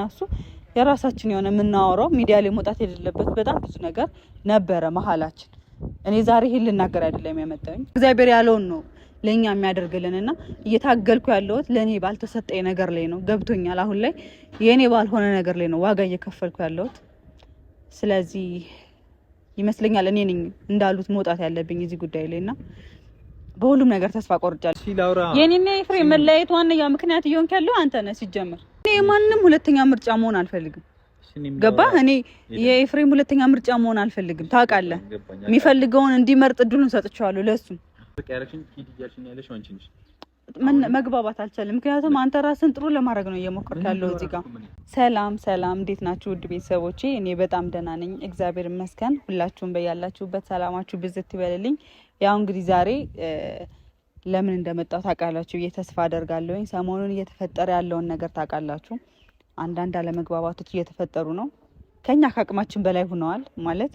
እኔና እሱ የራሳችን የሆነ የምናወራው ሚዲያ ላይ መውጣት የሌለበት በጣም ብዙ ነገር ነበረ መሀላችን። እኔ ዛሬ ይህን ልናገር አይደለም ያመጣኝ እግዚአብሔር ያለውን ነው ለእኛ የሚያደርግልን እና እየታገልኩ ያለሁት ለእኔ ባልተሰጠኝ ነገር ላይ ነው። ገብቶኛል። አሁን ላይ የእኔ ባልሆነ ነገር ላይ ነው ዋጋ እየከፈልኩ ያለሁት። ስለዚህ ይመስለኛል እኔ ነኝ እንዳሉት መውጣት ያለብኝ እዚህ ጉዳይ ላይ እና በሁሉም ነገር ተስፋ ቆርጫለሁ። የኔና የፍሬ መለያየት ዋነኛው ምክንያት እየሆንክ ያለው አንተ ነህ ሲጀምር የማንም ሁለተኛ ምርጫ መሆን አልፈልግም። ገባ እኔ የኤፍሬም ሁለተኛ ምርጫ መሆን አልፈልግም። ታውቃለህ፣ የሚፈልገውን እንዲመርጥ እድሉን ሰጥቼዋለሁ። ለእሱም መግባባት አልቻለም። ምክንያቱም አንተ ራስን ጥሩ ለማድረግ ነው እየሞከርክ ያለው እዚህ ጋር። ሰላም ሰላም፣ እንዴት ናችሁ ውድ ቤተሰቦቼ? እኔ በጣም ደህና ነኝ እግዚአብሔር ይመስገን። ሁላችሁም በያላችሁበት ሰላማችሁ ብዝት ይበልልኝ። ያው እንግዲህ ዛሬ ለምን እንደመጣው ታውቃላችሁ ብዬ ተስፋ አደርጋለሁኝ። ሰሞኑን እየተፈጠረ ያለውን ነገር ታውቃላችሁ። አንዳንድ አለመግባባቶች እየተፈጠሩ ነው። ከኛ ከአቅማችን በላይ ሆነዋል። ማለት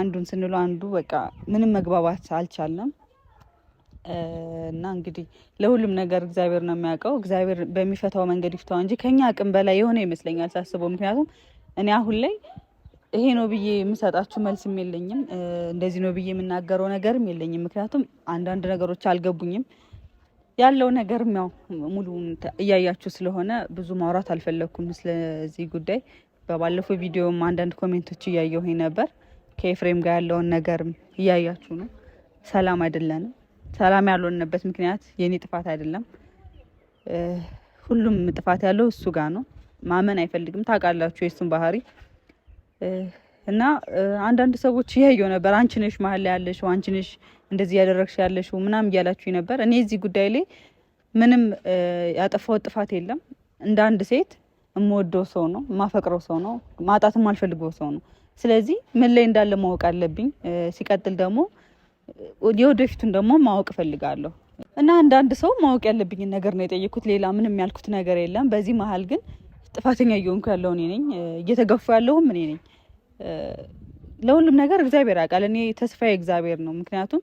አንዱን ስንሉ አንዱ በቃ ምንም መግባባት አልቻለም እና እንግዲህ ለሁሉም ነገር እግዚአብሔር ነው የሚያውቀው። እግዚአብሔር በሚፈታው መንገድ ይፍታው እንጂ ከኛ አቅም በላይ የሆነ ይመስለኛል ሳስበው። ምክንያቱም እኔ አሁን ላይ ይሄ ነው ብዬ የምሰጣችሁ መልስም የለኝም። እንደዚህ ነው ብዬ የምናገረው ነገርም የለኝም። ምክንያቱም አንዳንድ ነገሮች አልገቡኝም። ያለው ነገርም ያው ሙሉ እያያችሁ ስለሆነ ብዙ ማውራት አልፈለግኩም ስለዚህ ጉዳይ። በባለፈው ቪዲዮም አንዳንድ ኮሜንቶች እያየሁ ነበር። ከኤፍሬም ጋር ያለውን ነገርም እያያችሁ ነው። ሰላም አይደለንም። ሰላም ያልሆንበት ምክንያት የኔ ጥፋት አይደለም። ሁሉም ጥፋት ያለው እሱ ጋር ነው። ማመን አይፈልግም። ታውቃላችሁ የሱን ባህሪ እና አንዳንድ ሰዎች እያየው ነበር። አንቺ ነሽ መሀል ላይ ያለሽው፣ አንቺ ነሽ እንደዚህ ያደረግሽ ያለሽው ምናም እያላችሁ ነበር። እኔ እዚህ ጉዳይ ላይ ምንም ያጠፋሁት ጥፋት የለም። እንደ አንድ ሴት የምወደው ሰው ነው፣ የማፈቅረው ሰው ነው፣ ማጣት የማልፈልገው ሰው ነው። ስለዚህ ምን ላይ እንዳለ ማወቅ አለብኝ። ሲቀጥል ደግሞ የወደፊቱን ደግሞ ማወቅ እፈልጋለሁ እና አንዳንድ ሰው ማወቅ ያለብኝን ነገር ነው የጠየኩት። ሌላ ምንም ያልኩት ነገር የለም። በዚህ መሀል ግን ጥፋተኛ እየሆንኩ ያለው እኔ ነኝ፣ እየተገፉ ያለውም እኔ ነኝ። ለሁሉም ነገር እግዚአብሔር ያውቃል። እኔ ተስፋዬ እግዚአብሔር ነው። ምክንያቱም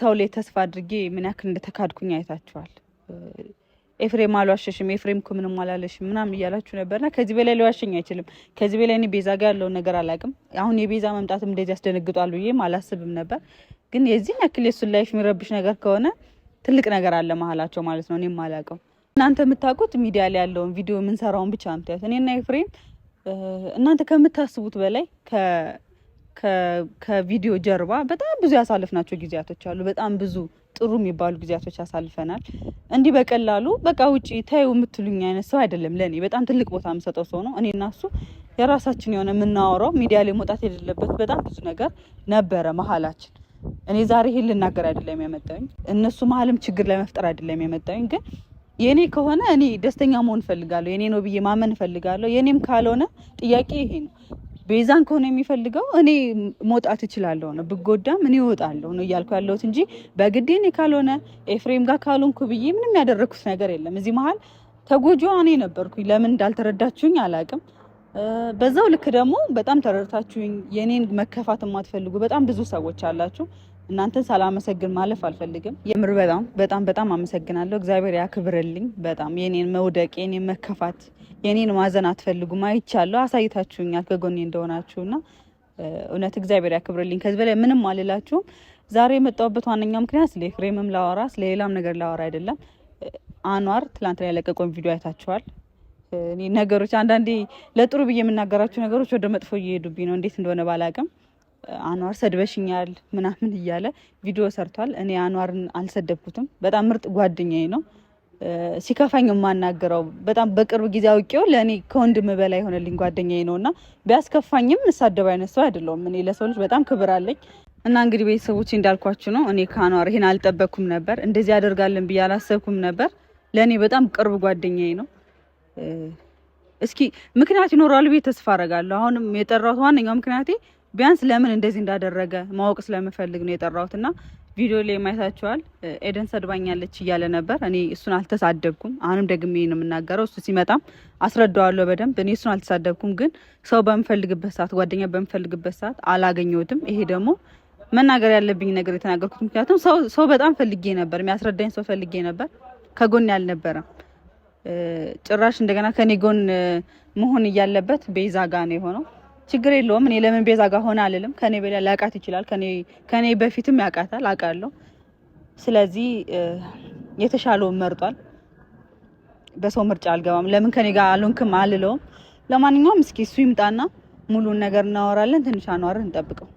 ሰው ላይ ተስፋ አድርጌ ምን ያክል እንደተካድኩኝ አይታችኋል። ኤፍሬም አልዋሸሽም፣ ኤፍሬም እኮ ምንም አላለሽም ምናምን እያላችሁ ነበርና ከዚህ በላይ ሊዋሸኝ አይችልም። ከዚህ በላይ እኔ ቤዛ ጋር ያለውን ነገር አላውቅም። አሁን የቤዛ መምጣትም እንደዚህ ያስደነግጧል ብዬም አላስብም ነበር። ግን የዚህን ያክል የሱን ላይፍ የሚረብሽ ነገር ከሆነ ትልቅ ነገር አለ መሀላቸው ማለት ነው። እኔም አላውቀው እናንተ የምታውቁት ሚዲያ ላይ ያለውን ቪዲዮ የምንሰራውን ብቻ ምትያት እኔና ኤፍሬም እናንተ ከምታስቡት በላይ ከቪዲዮ ጀርባ በጣም ብዙ ያሳልፍናቸው ጊዜያቶች አሉ። በጣም ብዙ ጥሩ የሚባሉ ጊዜያቶች ያሳልፈናል። እንዲህ በቀላሉ በቃ ውጪ ታዩ የምትሉኝ አይነት ሰው አይደለም። ለእኔ በጣም ትልቅ ቦታ የምሰጠው ሰው ነው። እኔ እና እሱ የራሳችን የሆነ የምናወራው ሚዲያ ላይ መውጣት የሌለበት በጣም ብዙ ነገር ነበረ መሀላችን። እኔ ዛሬ ይህን ልናገር አይደለም የመጣኝ፣ እነሱ መሀልም ችግር ለመፍጠር አይደለም የመጣኝ ግን የኔ ከሆነ እኔ ደስተኛ መሆን እፈልጋለሁ። የኔ ነው ብዬ ማመን እፈልጋለሁ። የኔም ካልሆነ ጥያቄ ይሄ ነው። ቤዛን ከሆነ የሚፈልገው እኔ መውጣት እችላለሁ ነው፣ ብጎዳም እኔ እወጣለሁ ነው እያልኩ ያለሁት እንጂ በግዴ እኔ ካልሆነ ኤፍሬም ጋር ካልሆንኩ ብዬ ምንም ያደረግኩት ነገር የለም። እዚህ መሀል ተጎጂዋ እኔ ነበርኩኝ። ለምን እንዳልተረዳችሁኝ አላውቅም። በዛው ልክ ደግሞ በጣም ተረድታችሁኝ የኔን መከፋት የማትፈልጉ በጣም ብዙ ሰዎች አላችሁ። እናንተን ሳላመሰግን ማለፍ አልፈልግም። የምር በጣም በጣም በጣም አመሰግናለሁ። እግዚአብሔር ያክብርልኝ። በጣም የኔን መውደቅ፣ የኔን መከፋት፣ የኔን ማዘን አትፈልጉም። አይቻለሁ፣ አሳይታችሁኛል ከጎኔ እንደሆናችሁ እና እውነት እግዚአብሔር ያክብርልኝ። ከዚህ በላይ ምንም አልላችሁም። ዛሬ የመጣሁበት ዋነኛው ምክንያት ስለ ኤፍሬምም ላወራ ስለሌላም ነገር ላወራ አይደለም። አኗር ላይ ያለቀቀውን ቪዲዮ አይታችኋል። ነገሮች አንዳንዴ ለጥሩ ብዬ የምናገራቸው ነገሮች ወደ መጥፎ እየሄዱብኝ ነው፣ እንዴት እንደሆነ ባላቅም አኗር ሰድበሽኛል ምናምን እያለ ቪዲዮ ሰርቷል። እኔ አኗርን አልሰደብኩትም። በጣም ምርጥ ጓደኛዬ ነው። ሲከፋኝ የማናገረው በጣም በቅርብ ጊዜ አውቄው ለእኔ ከወንድም በላይ የሆነልኝ ጓደኛዬ ነው እና ቢያስከፋኝም እሳደብ አይነት ሰው አይደለውም። እኔ ለሰው ልጅ በጣም ክብር አለኝ እና እንግዲህ ቤተሰቦች እንዳልኳችሁ ነው። እኔ ከአኗር ይሄን አልጠበቅኩም ነበር። እንደዚህ ያደርጋለን ብዬ አላሰብኩም ነበር። ለእኔ በጣም ቅርብ ጓደኛዬ ነው። እስኪ ምክንያት ይኖረዋል ብዬ ተስፋ አረጋለሁ። አሁንም የጠራሁት ዋነኛው ምክንያቴ ቢያንስ ለምን እንደዚህ እንዳደረገ ማወቅ ስለምፈልግ ነው የጠራሁት እና ቪዲዮ ላይ ማየታቸዋል ኤደን ሰድባኛለች እያለ ነበር። እኔ እሱን አልተሳደብኩም። አሁንም ደግሜ ነው የምናገረው። እሱ ሲመጣም አስረዳዋለሁ በደንብ። እኔ እሱን አልተሳደብኩም፣ ግን ሰው በምፈልግበት ሰዓት፣ ጓደኛ በምፈልግበት ሰዓት አላገኘሁትም። ይሄ ደግሞ መናገር ያለብኝ ነገር የተናገርኩት፣ ምክንያቱም ሰው በጣም ፈልጌ ነበር፣ የሚያስረዳኝ ሰው ፈልጌ ነበር። ከጎን ያልነበረም ጭራሽ እንደገና ከኔ ጎን መሆን እያለበት ቤዛ ጋ ነው የሆነው። ችግር የለውም። እኔ ለምን ቤዛ ጋር ሆነ አልልም። ከኔ በላይ ሊያውቃት ይችላል። ከኔ በፊትም ያውቃታል፣ አውቃለሁ። ስለዚህ የተሻለውን መርጧል። በሰው ምርጫ አልገባም። ለምን ከኔ ጋር አልሆንክም አልለውም። ለማንኛውም እስኪ እሱ ይምጣና ሙሉን ነገር እናወራለን። ትንሽ አኗርን እንጠብቀው።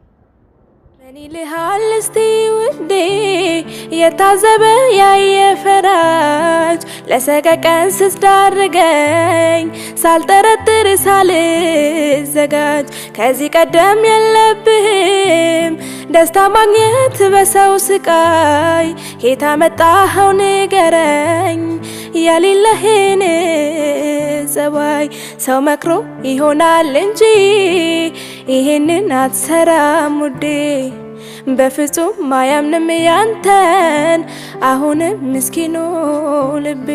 እኔ ልሃል እስቲ ውዴ የታዘበ ያየፍ ለሰቀቀን ስዳርገኝ ሳልጠረጥር ሳልዘጋጅ ከዚህ ቀደም የለብህም ደስታ ማግኘት በሰው ስቃይ ጌታ መጣኸው ንገረኝ ያሌለህን ጸባይ ሰው መክሮ ይሆናል እንጂ ይህንን አትሰራም ውዴ በፍጹም ማያምንም ያንተን አሁንም ምስኪኑ ልቤ።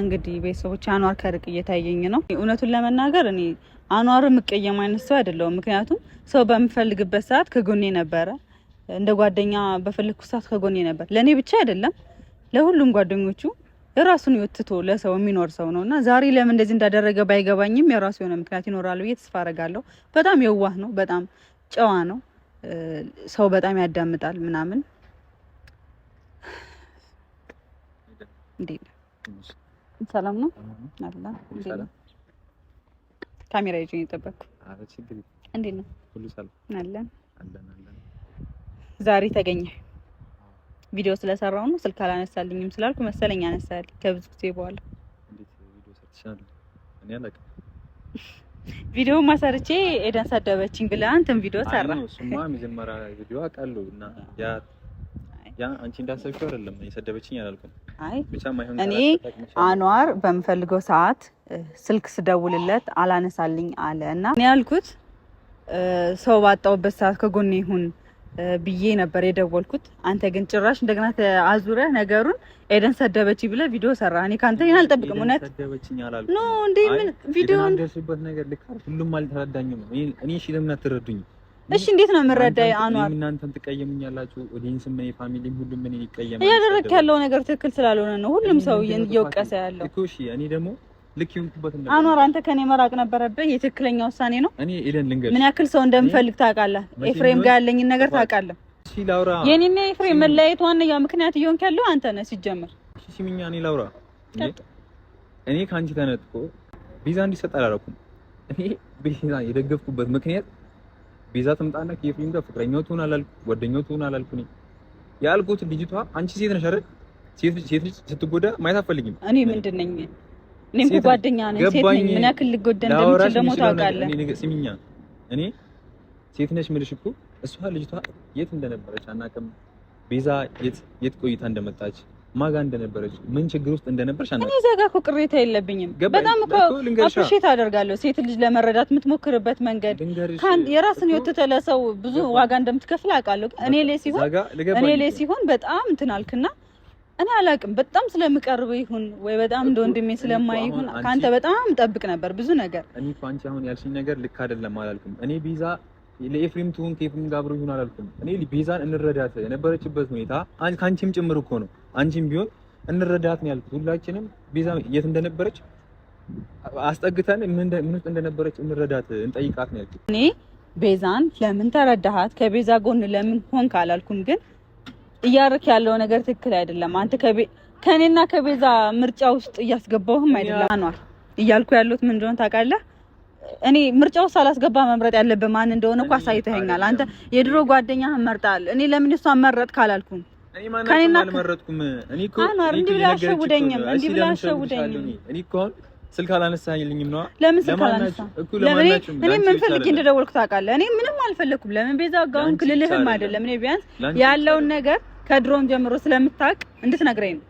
እንግዲህ ቤተሰቦች አኗር ከርቅ እየታየኝ ነው። እውነቱን ለመናገር እኔ አኗር የምቀየም አይነት ሰው አይደለሁም። ምክንያቱም ሰው በምፈልግበት ሰዓት ከጎኔ ነበረ፣ እንደ ጓደኛ በፈለግኩ ሰዓት ከጎኔ ነበር። ለእኔ ብቻ አይደለም ለሁሉም ጓደኞቹ የራሱን ወትቶ ለሰው የሚኖር ሰው ነው እና ዛሬ ለምን እንደዚህ እንዳደረገ ባይገባኝም የራሱ የሆነ ምክንያት ይኖራል ብዬ ተስፋ አረጋለሁ። በጣም የዋህ ነው። በጣም ጨዋ ነው። ሰው በጣም ያዳምጣል ምናምን ሰላም ነው አላ እንዴት ነው ካሜራ ይዤ ነው የጠበቅኩ እንዴት ነው አለን ዛሬ ተገኘ ቪዲዮ ስለሰራው ነው ስልክ አላነሳልኝም ስላልኩ መሰለኝ አነሳል ከብዙ ጊዜ በኋላ ቪዲዮ ማሰርቼ ኤደን ሰደበችኝ ብላ አንተም ቪዲዮ ሰራ። እሱማ መጀመሪያ ቪዲዮ አውቃለሁ እና ያ ያ አንቺ እንዳሰብሽው አይደለም የሰደበችኝ አላልኩም። አይ ብቻ ማይሆን እኔ አኗር በምፈልገው ሰዓት ስልክ ስደውልለት አላነሳልኝ አለ እና እኔ ያልኩት ሰው ባጣውበት ሰዓት ከጎኔ ይሁን ብዬ ነበር የደወልኩት። አንተ ግን ጭራሽ እንደገና አዙረ ነገሩን ኤደን ሰደበች ብለ ቪዲዮ ሰራ። እኔ ከአንተ ይሄን አልጠብቅም። እውነት ኖ እንዴ ምን ቪዲዮ እንደሽበት ነገር ልካር ሁሉም አልተረዳኝም። እኔ እሺ፣ ለምን አትረዱኝ? እሺ እንዴት ነው የምረዳኝ? አኗር እናንተን ትቀየሙኛላችሁ። ኦዲየንስም እኔ ፋሚሊም ሁሉም ምን ይቀየማል። እያደረክ ያለው ነገር ትክክል ስላልሆነ ነው ሁሉም ሰው እየወቀሰ ያለው እኮ። እሺ እኔ ደግሞ ልክ ይሁንኩበት እንደ አኗር አንተ ከኔ መራቅ ነበረብህ። የትክክለኛ ውሳኔ ነው። እኔ ኤደን ልንገርሽ ምን ያክል ሰው እንደምፈልግ ታውቃለህ። ኤፍሬም ጋር ያለኝን ነገር ታውቃለህ። የኔና ኤፍሬም መለያየት ዋነኛው ምክንያት እየሆንክ ያለው አንተ ነህ። ሲጀምር ሲሚኛ እኔ ላውራ እኔ ከአንቺ ተነጥቆ ቪዛ እንዲሰጥ አላደረኩም። እኔ ቪዛ የደገፍኩበት ምክንያት ቪዛ ትምጣና ከኤፍሬም ጋር ፍቅረኛው ትሆን አላልኩ፣ ጓደኛው ትሆን አላልኩ። እኔ ያልኩት ልጅቷ አንቺ ሴት ነሽ አይደል? ሴት ልጅ ስትጎዳ ማየት አትፈልጊም። እኔ ምንድን ነኝ እኔም ጓደኛ ነኝ፣ ሴት ነኝ። ምን ያክል ልጎዳ እንደምችል ደግሞ ታውቃለህ። ስሚኛ፣ እኔ ሴት ነሽ የምልሽ እኮ እሷ ልጅቷ የት እንደነበረች አናውቅም። ቤዛ የት የት ቆይታ እንደመጣች ማጋ እንደነበረች ምን ችግር ውስጥ እንደነበረች አናውቅም። እኔ እዛ ጋር እኮ ቅሬታ የለብኝም። በጣም እኮ አፕሪሼት አደርጋለሁ። ሴት ልጅ ለመረዳት የምትሞክርበት መንገድ ካን የራስን የወተተ ለሰው ብዙ ዋጋ እንደምትከፍል አውቃለሁ። እኔ ላይ ሲሆን እኔ ላይ ሲሆን በጣም እንትን አልክና እኔ አላውቅም። በጣም ስለምቀርብ ይሁን ወይ በጣም እንደ ወንድሜ ስለማይ ይሁን ከአንተ በጣም ጠብቅ ነበር ብዙ ነገር። እኔ እኮ አንቺ አሁን ያልሽኝ ነገር ልክ አይደለም አላልኩም። እኔ ቤዛ ለኤፍሬም ትሁን ከኤፍሬም ጋር አብሮ ይሁን አላልኩም። እኔ ቤዛን እንረዳት የነበረችበት ሁኔታ ከአንቺም ጭምር እኮ ነው። አንቺም ቢሆን እንረዳት ነው ያልኩት። ሁላችንም ቤዛ የት እንደነበረች አስጠግተን ምን ውስጥ እንደነበረች እንረዳት፣ እንጠይቃት ነው ያልኩት። እኔ ቤዛን ለምን ተረዳሃት፣ ከቤዛ ጎን ለምን ሆንክ አላልኩም ግን እያርክ ያለው ነገር ትክክል አይደለም። አንተ ከኔና ከቤዛ ምርጫ ውስጥ እያስገባሁም አይደለም። አኗር እያልኩ ያሉት ምን እንደሆነ ታውቃለህ? እኔ ምርጫ ውስጥ አላስገባ መምረጥ ያለብህ ማን እንደሆነ እኮ አሳይተኸኛል። አንተ የድሮ ጓደኛህን መርጣል። እኔ ለምን እሷ መረጥ ካላልኩም ከእኔና አልመረጥኩም። እኔ እኮ አኗር እንዲህ አሸውደኝም፣ እንዲህ አሸውደኝም። እኔ እኮ ስልክ ለምን ስልክ እኔ ምን ፈልጌ እንደደወልኩ ታውቃለህ? እኔ ምንም አልፈለግኩም። ለምን ቤዛ ጋውን ክልልህም አይደለም። እኔ ቢያንስ ያለውን ነገር ከድሮም ጀምሮ ስለምታውቅ እንድትነግረኝ ነው።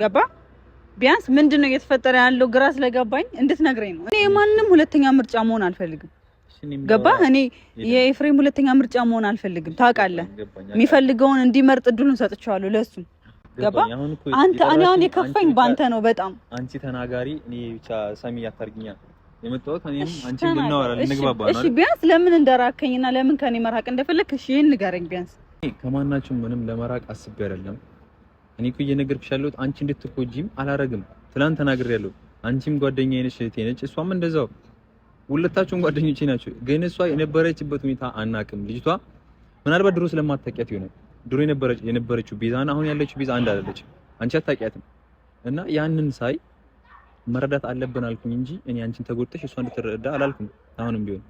ገባ? ቢያንስ ምንድን ነው እየተፈጠረ ያለው ግራ ስለገባኝ እንድትነግረኝ ነው። እኔ የማንም ሁለተኛ ምርጫ መሆን አልፈልግም። ገባ? እኔ የኤፍሬም ሁለተኛ ምርጫ መሆን አልፈልግም። ታውቃለህ፣ የሚፈልገውን እንዲመርጥ እድሉን ሰጥቼዋለሁ ለእሱም ገባ አንተ እኔ አሁን የከፋኝ በአንተ ነው በጣም አንቺ ተናጋሪ እኔ ብቻ ሰሚ ያታርግኛ የመጣሁት እኔም አንቺ ልናወራ ልንግባባ ነው እሺ ቢያንስ ለምን እንደራከኝና ለምን ከኔ መራቅ እንደፈለግ እሺ ይሄን ንገረኝ ቢያንስ ከማናችሁም ምንም ለመራቅ አስቤ አይደለም። እኔ እኮ እየነገርኩሽ ያለሁት አንቺ እንድትጎጂም አላረግም። ትላንት ትናንት ተናግሬያለሁ። አንቺም ጓደኛዬ ነሽ፣ እህቴ ነች፣ እሷም እንደዛው። ሁለታችሁም ጓደኞቼ ናቸው። ግን እሷ የነበረችበት ሁኔታ አናቅም። ልጅቷ ምናልባት ድሮ ስለማታውቂያት ይሆናል። ድሮ የነበረችው ቤዛ አሁን ያለችው ቤዛ አንድ አይደለች፣ አንቺ አታውቂያትም። እና ያንን ሳይ መረዳት አለብን አልኩኝ እንጂ እኔ አንቺን ተጎድተሽ እሷ እንድትረዳ አላልኩም። አሁንም ቢሆን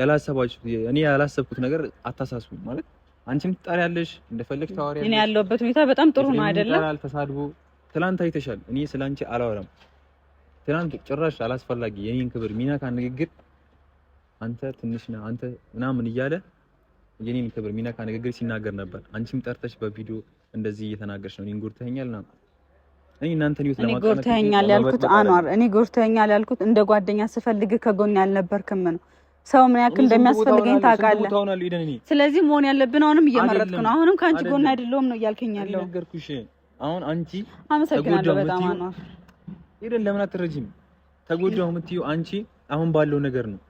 ያላሰባችሁ እኔ ያላሰብኩት ነገር አታሳስቡ ማለት አንቺም ትጣሪያለሽ፣ እንደፈለግሽ ታወሪያለሽ። እኔ ያለሁበት ሁኔታ በጣም ጥሩ ነው አይደለም? ተሳድቦ ትላንት አይተሻል። እኔ ስለአንቺ አላወራም። ትላንት ጭራሽ አላስፈላጊ የኔን ክብር ሚነካ ንግግር አንተ ትንሽ ነህ አንተ ምናምን እያለ የኔን ክብር ሚነካ ንግግር ሲናገር ነበር። አንቺም ጠርተሽ በቪዲዮ እንደዚህ እየተናገርሽ ነው። እኔን ጎድተኸኛል ና እኔ እናንተን ይሁት ለማጣጣም ጎድተኸኛል ያልኩት አኗር፣ እኔ ጎድተኸኛል ያልኩት እንደ ጓደኛ ስፈልግ ከጎን ያልነበርክም ነው ሰው ምን ያክል እንደሚያስፈልገኝ ታውቃለህ። ስለዚህ መሆን ያለብን አሁንም እየመረጥኩ ነው። አሁንም ከአንቺ ጎን አይደለሁም ነው እያልከኝ ያለው። አሁን አንቺ አመሰግናለሁ በጣም ነው። ኢደን ለምን አትረጂም? ተጎዳሁ የምትይው አንቺ አሁን ባለው ነገር ነው።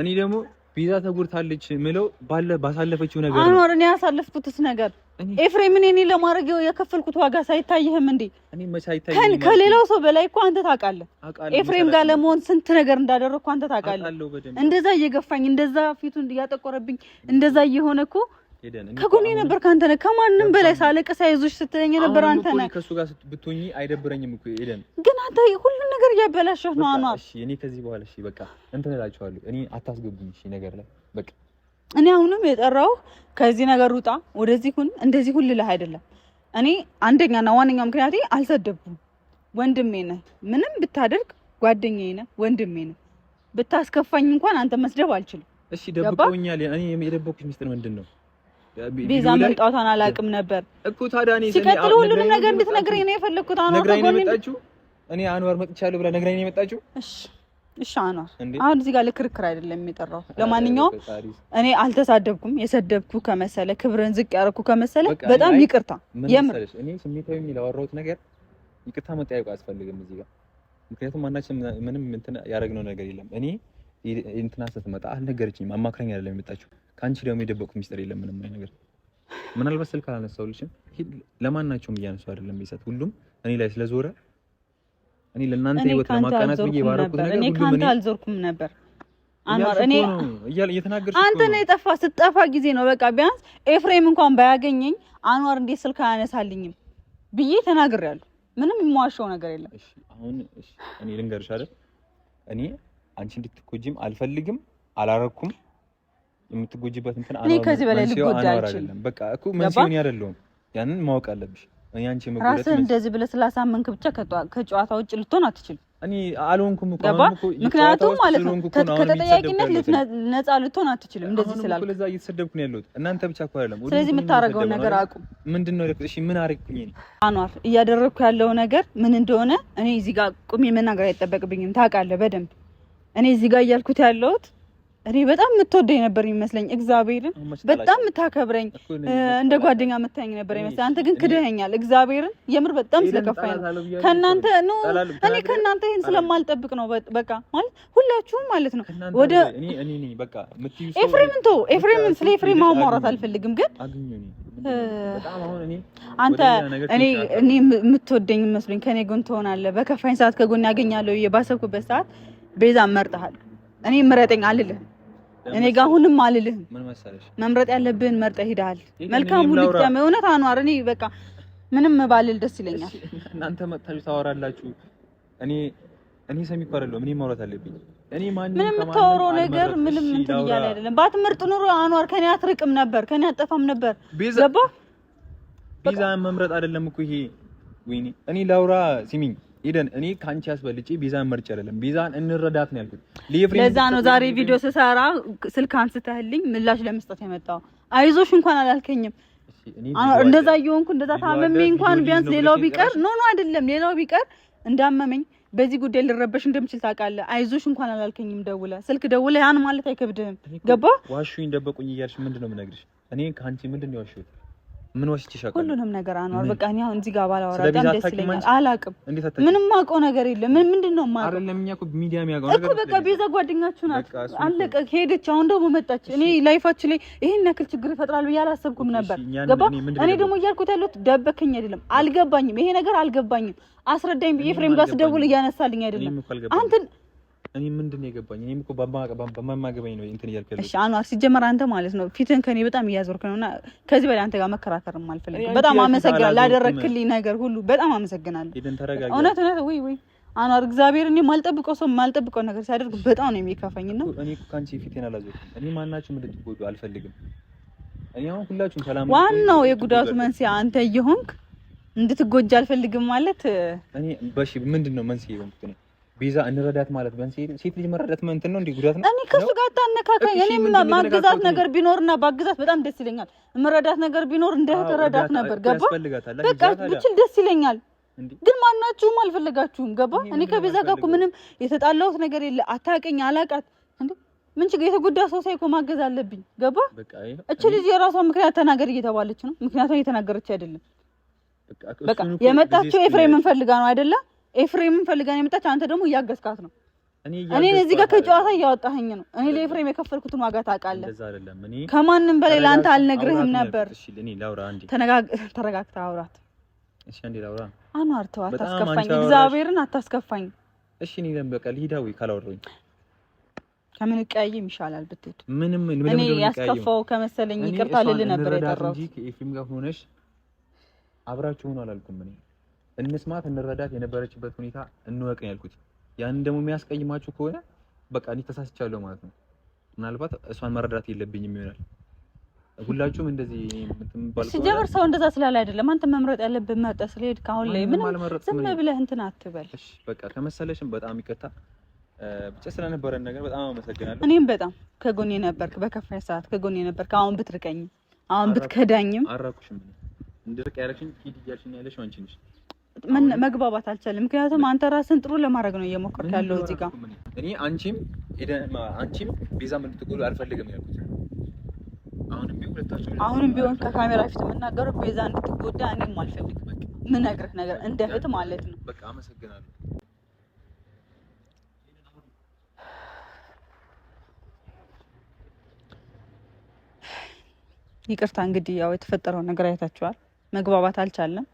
እኔ ደግሞ ቤዛ ተጎድታለች ምለው ባለ ባሳለፈችው ነገር ነው። አሁን እኔ ያሳለፍኩትስ ነገር ኤፍሬምን እኔ ለማድረግ የከፈልኩት ዋጋ ሳይታይህም እንዴ? ከሌላው ሰው በላይ እኮ አንተ ታውቃለህ። ኤፍሬም ጋር ለመሆን ስንት ነገር እንዳደረግኩ አንተ ታውቃለህ። እንደዛ እየገፋኝ፣ እንደዛ ፊቱን እያጠቆረብኝ፣ እንደዛ እየሆነ እኮ ከጎኔ ነበር። ከአንተ ነህ ከማንም በላይ ሳለቅስ ሳይዞች ስትለኝ ነበር። አንተ ነህ ከእሱ ጋር ብትሆኚ አይደብረኝም እኮ ኤደን። ግን አንተ ሁሉን ነገር እያበላሸህ ነው። አኗር እኔ ከዚህ በኋላ እሺ በቃ እንትን እላቸዋለሁ። እኔ አታስገቡኝ ነገር ላይ በቃ እኔ አሁንም የጠራው ከዚህ ነገር ውጣ፣ ወደዚህ ሁን፣ እንደዚህ ሁን ልልህ አይደለም። እኔ አንደኛና ዋነኛው ምክንያት አልሰደብኩም። ወንድሜ ነህ፣ ምንም ብታደርግ ጓደኛዬ ነህ፣ ወንድሜ ነህ። ብታስከፋኝ እንኳን አንተ መስደብ አልችልም። እሺ ደብቀውኛል። እኔ የደበኩት ሚስጥር ምንድን ነው? ቤዛ መምጣቷን አላውቅም ነበር እኮ። ታዲያ እኔ ሲቀጥል ሁሉንም ነገር እንድትነግረኝ ነው የፈለግኩት። አኗር ነግራኝ ነው የመጣችሁ። እኔ አንዋር መጥቻለሁ ብላ ነግራኝ ነው የመጣችው። እሺ እሺ አሁን እዚህ ጋር ለክርክር አይደለም የጠራው። ለማንኛውም እኔ አልተሳደብኩም። የሰደብኩ ከመሰለ ክብርን ዝቅ ያደረኩ ከመሰለ በጣም ይቅርታ። የምር እኔ ስሜታዊ ላወራሁት ነገር ይቅርታ መጠያየቁ አያስፈልግም እዚህ ጋር። ምክንያቱም አናችን ምንም እንትን ያደረግነው ነገር የለም። እኔ እንትና ስትመጣ አልነገረችኝም፣ አማክረኝ አይደለም የመጣችው። ከአንቺ ደግሞ የደበቁ ሚስጥር የለም ምንም ነገር። ምናልባት ስልክ አላነሳሁልሽም። ለማናቸውም እያነሱ አይደለም ይሰጥ ሁሉም እኔ ላይ ስለዞረ እኔ ለእናንተ ህይወት ለማቃናት ብዬ ባረኩት ነገር እኔ ከአንተ አልዞርኩም ነበር። አንዋር እኔ አንተ ነው የጠፋ ስጠፋ ጊዜ ነው በቃ ቢያንስ ኤፍሬም እንኳን ባያገኘኝ አንዋር እንዴት ስልክ አያነሳልኝም ብዬ ተናግሬያለሁ። ምንም የማዋሸው ነገር የለም። እሺ አሁን እሺ፣ እኔ ልንገርሽ አይደል እኔ አንቺ እንድትጎጂም አልፈልግም፣ አላረኩም። የምትጎጂበት እንትን አንዋር እኔ ከዚህ በላይ ልጎዳ አልችልም። በቃ እኮ መንስኤውን ያደለውም ያንን ማወቅ አለብሽ። ራስህን እንደዚህ ብለህ ስላሳመንክ ብቻ ከጨዋታ ውጭ ልትሆን አትችልም። እኔ አልሆንኩም እኮ ምክንያቱም ማለት ነው ከተጠያቂነት ነፃ ልትሆን አትችልም። እንደዚህ ስላልኩ ለዛ እየተሰደብኩ ነው ያለሁት። እናንተ ብቻ እኮ አይደለም። ስለዚህ የምታረገው ነገር አቁም። ምንድን ነው እሺ? ምን አደረግኩኝ? አኗር እያደረግኩ ያለው ነገር ምን እንደሆነ እኔ እዚህ ጋር ቁሜ መናገር አይጠበቅብኝም። ታውቃለህ በደንብ እኔ እዚህ ጋር እያልኩት ያለሁት እኔ በጣም የምትወደኝ ነበር ይመስለኝ፣ እግዚአብሔርን በጣም የምታከብረኝ እንደ ጓደኛ የምታየኝ ነበር ይመስለኝ። አንተ ግን ክደኸኛል። እግዚአብሔርን የምር በጣም ስለከፋኝ ነው ከእናንተ እኔ ከእናንተ ይህን ስለማልጠብቅ ነው። በቃ ማለት ሁላችሁም ማለት ነው። ወደ ኤፍሬምን ተው፣ ኤፍሬምን ስለ ኤፍሬም አሁን ማውራት አልፈልግም። ግን አንተ እኔ እኔ የምትወደኝ መስሎኝ ከእኔ ጎን ትሆናለህ። በከፋኝ ሰዓት ከጎን ያገኛለሁ። ባሰብኩበት ሰዓት ቤዛ መርጠሃል። እኔ ምረጠኝ አልልህ እኔ ጋር አሁንም አልልህም። ምን መሰለሽ መምረጥ ያለብህን መርጠህ ሄደሃል። መልካም ሁሉ ይጣመ እውነት አንዋር፣ እኔ በቃ ምንም ባልል ደስ ይለኛል። እናንተ መጥታችሁ ታወራላችሁ። እኔ እኔ ሰሚ እኮ አይደለሁም። እኔ ማውራት አለብኝ። እኔ ማን ምንም የምታወራው ነገር ምንም እንትን እያለ አይደለም። ባትመርጥ ኑሮ አኗር ከኔ አትርቅም ነበር፣ ከኔ አጠፋም ነበር። ገባ ቢዛን መምረጥ አይደለም እኮ ይሄ። ወይኔ እኔ ላውራ ሲሚኝ ኢደን እኔ ከአንቺ ያስበልጬ ቤዛን መርጬ አይደለም፣ ቤዛን እንረዳት ነው ያልኩት። ለዛ ነው ዛሬ ቪዲዮ ስሰራ ስልክ አንስተህልኝ ምላሽ ለመስጠት የመጣው። አይዞሽ እንኳን አላልከኝም። እንደዛ እየሆንኩ እንደዛ ታመሜ እንኳን ቢያንስ ሌላው ቢቀር ኖ ኖ አይደለም፣ ሌላው ቢቀር እንዳመመኝ በዚህ ጉዳይ ልረበሽ እንደምችል ታውቃለህ። አይዞሽ እንኳን አላልከኝም። ደውለ ስልክ ደውለ ያን ማለት አይከብድህም። ገባ ዋሹኝ፣ ደበቁኝ እያልሽ ምንድን ነው የምነግርሽ? እኔ ከአንቺ ምንድን ነው ያልሽው? ምን ወስጭ ሻቀ ሁሉንም ነገር አኗር በቃ እኔ አሁን እዚህ ጋር ባላወራ በጣም ደስ ይለኛል። አላቅም ምንም አውቀው ነገር የለም። ምን ምንድነው ማውቀው አይደለም። እኛ እኮ ሚዲያ የሚያውቀው ነገር እኮ በቃ ቤዛ ጓደኛችሁ ናት። አለቀ፣ ሄደች። አሁን ደግሞ መጣች። እኔ ላይፋችን ላይ ይሄን ያክል ችግር ይፈጥራል ብዬ አላሰብኩም ነበር። ገባ። እኔ ደግሞ እያልኩት ያለሁት ደበከኝ አይደለም፣ አልገባኝም። ይሄ ነገር አልገባኝም። አስረዳኝ ብዬ ፍሬም ጋር ስደውል እያነሳልኝ አይደለም አንተን እኔ ምንድን የገባኝ? እኔም እኮ በማማገባኝ ነው እንትን እያልክ ያለሁት። እሺ አንዋር፣ ሲጀመር አንተ ማለት ነው ፊትን ከኔ በጣም እያዞርክ ነው፣ ነውና ከዚህ በላይ አንተ ጋር መከራከር አልፈልግም። በጣም አመሰግናለሁ ላደረክልኝ ነገር ሁሉ በጣም አመሰግናለሁ። እውነት እውነት። ወይ ወይ አንዋር፣ እግዚአብሔር እኔ ማልጠብቀው ሰው ማልጠብቀው ነገር ሲያደርግ በጣም ነው የሚከፋኝ። ነው እኔ እኮ ከአንቺ ፊቴን አላዞርኩም። እኔ ማናችሁም እንድትጎዱ አልፈልግም። እኔ አሁን ሁላችሁም ሰላም። ዋናው የጉዳቱ መንስኤ አንተ እየሆንክ እንድትጎጂ አልፈልግም ማለት እኔ በሺ ምንድን ነው መንስኤ የሆንኩት ነው ቤዛ እንረዳት ማለት ሴት ልጅ መረዳት እንትን ነው እንዴ? ጉዳት ነው። እኔ ከሱ ጋር ታነካካኝ። እኔ ምና ማግዛት ነገር ቢኖርና ባግዛት በጣም ደስ ይለኛል። መረዳት ነገር ቢኖር እንደ ተረዳት ነበር። ገባ በቃ ብችል ደስ ይለኛል። ግን ማናችሁም አልፈለጋችሁም። ገባ እኔ ከቤዛ ጋር ምንም የተጣላሁት ነገር የለ። አታውቅኝ፣ አላውቃት እንዴ ምን ችግር የተጎዳ ሰው ሳይኮ ማገዝ አለብኝ። ገባ እች ልጅ የራሷ ምክንያት ተናገር እየተባለች ነው። ምክንያቷን እየተናገረች አይደለም። በቃ የመጣችው ኤፍሬምን ፈልጋ ነው አይደለም ኤፍሬም ፈልጋን የመጣች አንተ ደግሞ እያገዝካት ነው። እኔ እዚህ ጋር ከጨዋታ እያወጣኸኝ ነው። እኔ ለኤፍሬም የከፈልኩትን ዋጋ ታውቃለህ። ከማንም በላይ ለአንተ አልነግርህም ነበር። ተረጋግተህ አውራት አኗር። ተው አታስከፋኝ፣ እግዚአብሔርን አታስከፋኝ። እሺ እኔ ለምን በቃ ልሂድ ወይ ካላወራሁኝ ከምን እቀያየም ይሻላል ብትሄድ። ምንም ምንም እኔ ያስከፋው ከመሰለኝ ይቅርታ ልልህ ነበር የጠራሁት። ከኤፍሬም ጋር ሆነሽ አብራችሁ ሆኖ አላልኩም እኔ እንስማት፣ እንረዳት፣ የነበረችበት ሁኔታ እንወቅ ያልኩት። ያንን ደግሞ የሚያስቀይማችሁ ከሆነ በቃ እኔ ተሳስቻለሁ ማለት ነው። ምናልባት እሷን መረዳት የለብኝም ይሆናል። ሁላችሁም እንደዚህ ሲጀምር ሰው እንደዛ ስላለ አይደለም። አንተ መምረጥ ያለብህ መርጠህ ስለሄድክ አሁን ላይ ምንም ዝም ብለህ እንትን አትበል። በቃ ከመሰለሽም በጣም ይቅርታ ብቻ ስለነበረን ነገር በጣም አመሰግናለሁ። እኔም በጣም ከጎን የነበርክ በከፋ ሰዓት ከጎን የነበርክ አሁን ብትርቀኝም አሁን ብትከዳኝም አራኩሽም እንድርቅ ያለሽኝ ሂድ እያልሽኝ ያለሽ አንቺ ነሽ። መግባባት አልቻለም። ምክንያቱም አንተ ራስን ጥሩ ለማድረግ ነው እየሞከርክ ያለው እዚህ ጋር። እኔ አንቺም አንቺም ቤዛም እንድትጎዱ አልፈልግም ያልኩት አሁንም ቢሆን ከካሜራ ፊት የምናገረው ቤዛ እንድትጎዳ እኔም አልፈልግም። ምነግርህ ነገር እንደ እህት ማለት ነው። በቃ አመሰግናለሁ። ይቅርታ እንግዲህ ያው የተፈጠረው ነገር አይታችኋል። መግባባት አልቻለም።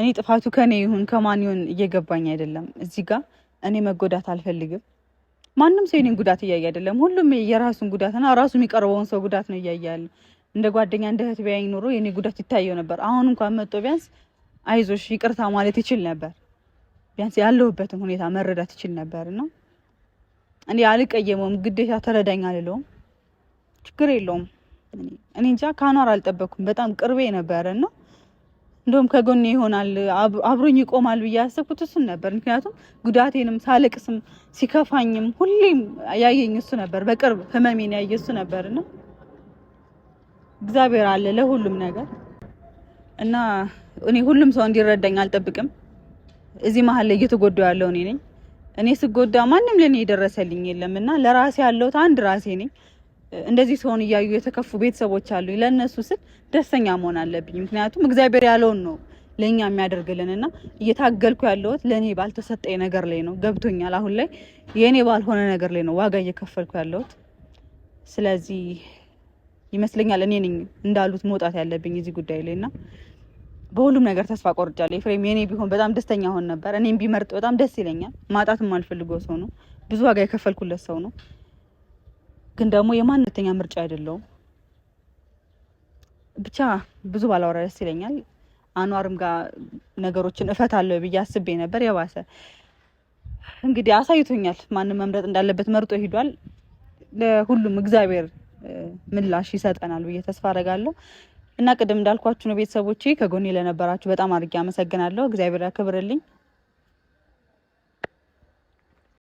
እኔ ጥፋቱ ከኔ ይሁን ከማን ይሁን እየገባኝ አይደለም። እዚህ ጋር እኔ መጎዳት አልፈልግም። ማንም ሰው የኔን ጉዳት እያየ አይደለም። ሁሉም የራሱን ጉዳትና ራሱ የሚቀርበውን ሰው ጉዳት ነው እያየ ያለ። እንደ ጓደኛ እንደ እህት ቢያየኝ ኖሮ የኔ ጉዳት ይታየው ነበር። አሁን እንኳን መጦ ቢያንስ አይዞሽ ይቅርታ ማለት ይችል ነበር። ቢያንስ ያለሁበትን ሁኔታ መረዳት ይችል ነበር እና እኔ አልቀየመውም። ግዴታ ተረዳኝ አልለውም። ችግር የለውም። እኔ እንጃ ከአኗር አልጠበኩም። በጣም ቅርቤ ነበረ ነው እንደውም ከጎኔ ይሆናል አብሮኝ ይቆማል ብዬ ያሰብኩት እሱን ነበር። ምክንያቱም ጉዳቴንም ሳለቅስም ሲከፋኝም ሁሌም ያየኝ እሱ ነበር። በቅርብ ህመሜን ያየ እሱ ነበር እና እግዚአብሔር አለ ለሁሉም ነገር እና እኔ ሁሉም ሰው እንዲረዳኝ አልጠብቅም። እዚህ መሀል ላይ እየተጎዳ ያለው እኔ ነኝ። እኔ ስጎዳ ማንም ለእኔ የደረሰልኝ የለም እና ለራሴ ያለሁት አንድ ራሴ ነኝ። እንደዚህ ሰውን እያዩ የተከፉ ቤተሰቦች አሉኝ። ለእነሱ ስል ደስተኛ መሆን አለብኝ። ምክንያቱም እግዚአብሔር ያለውን ነው ለእኛ የሚያደርግልን እና እየታገልኩ ያለሁት ለእኔ ባልተሰጠኝ ነገር ላይ ነው። ገብቶኛል። አሁን ላይ የእኔ ባልሆነ ነገር ላይ ነው ዋጋ እየከፈልኩ ያለሁት። ስለዚህ ይመስለኛል እኔ ነኝ እንዳሉት መውጣት ያለብኝ እዚህ ጉዳይ ላይ እና በሁሉም ነገር ተስፋ ቆርጫለሁ። ኤፍሬም የእኔ ቢሆን በጣም ደስተኛ ሆን ነበር። እኔም ቢመርጥ በጣም ደስ ይለኛል። ማጣትም አልፈልገው ሰው ነው። ብዙ ዋጋ የከፈልኩለት ሰው ነው። ግን ደግሞ የማንተኛ ምርጫ አይደለውም። ብቻ ብዙ ባላወራ ደስ ይለኛል። አኗርም ጋር ነገሮችን እፈታለሁ ብዬ አስቤ ነበር። የባሰ እንግዲህ አሳይቶኛል። ማንም መምረጥ እንዳለበት መርጦ ሂዷል። ለሁሉም እግዚአብሔር ምላሽ ይሰጠናል ብዬ ተስፋ አደርጋለሁ። እና ቅድም እንዳልኳችሁ ነው ቤተሰቦቼ፣ ከጎኔ ለነበራችሁ በጣም አድርጌ አመሰግናለሁ። እግዚአብሔር ያክብርልኝ።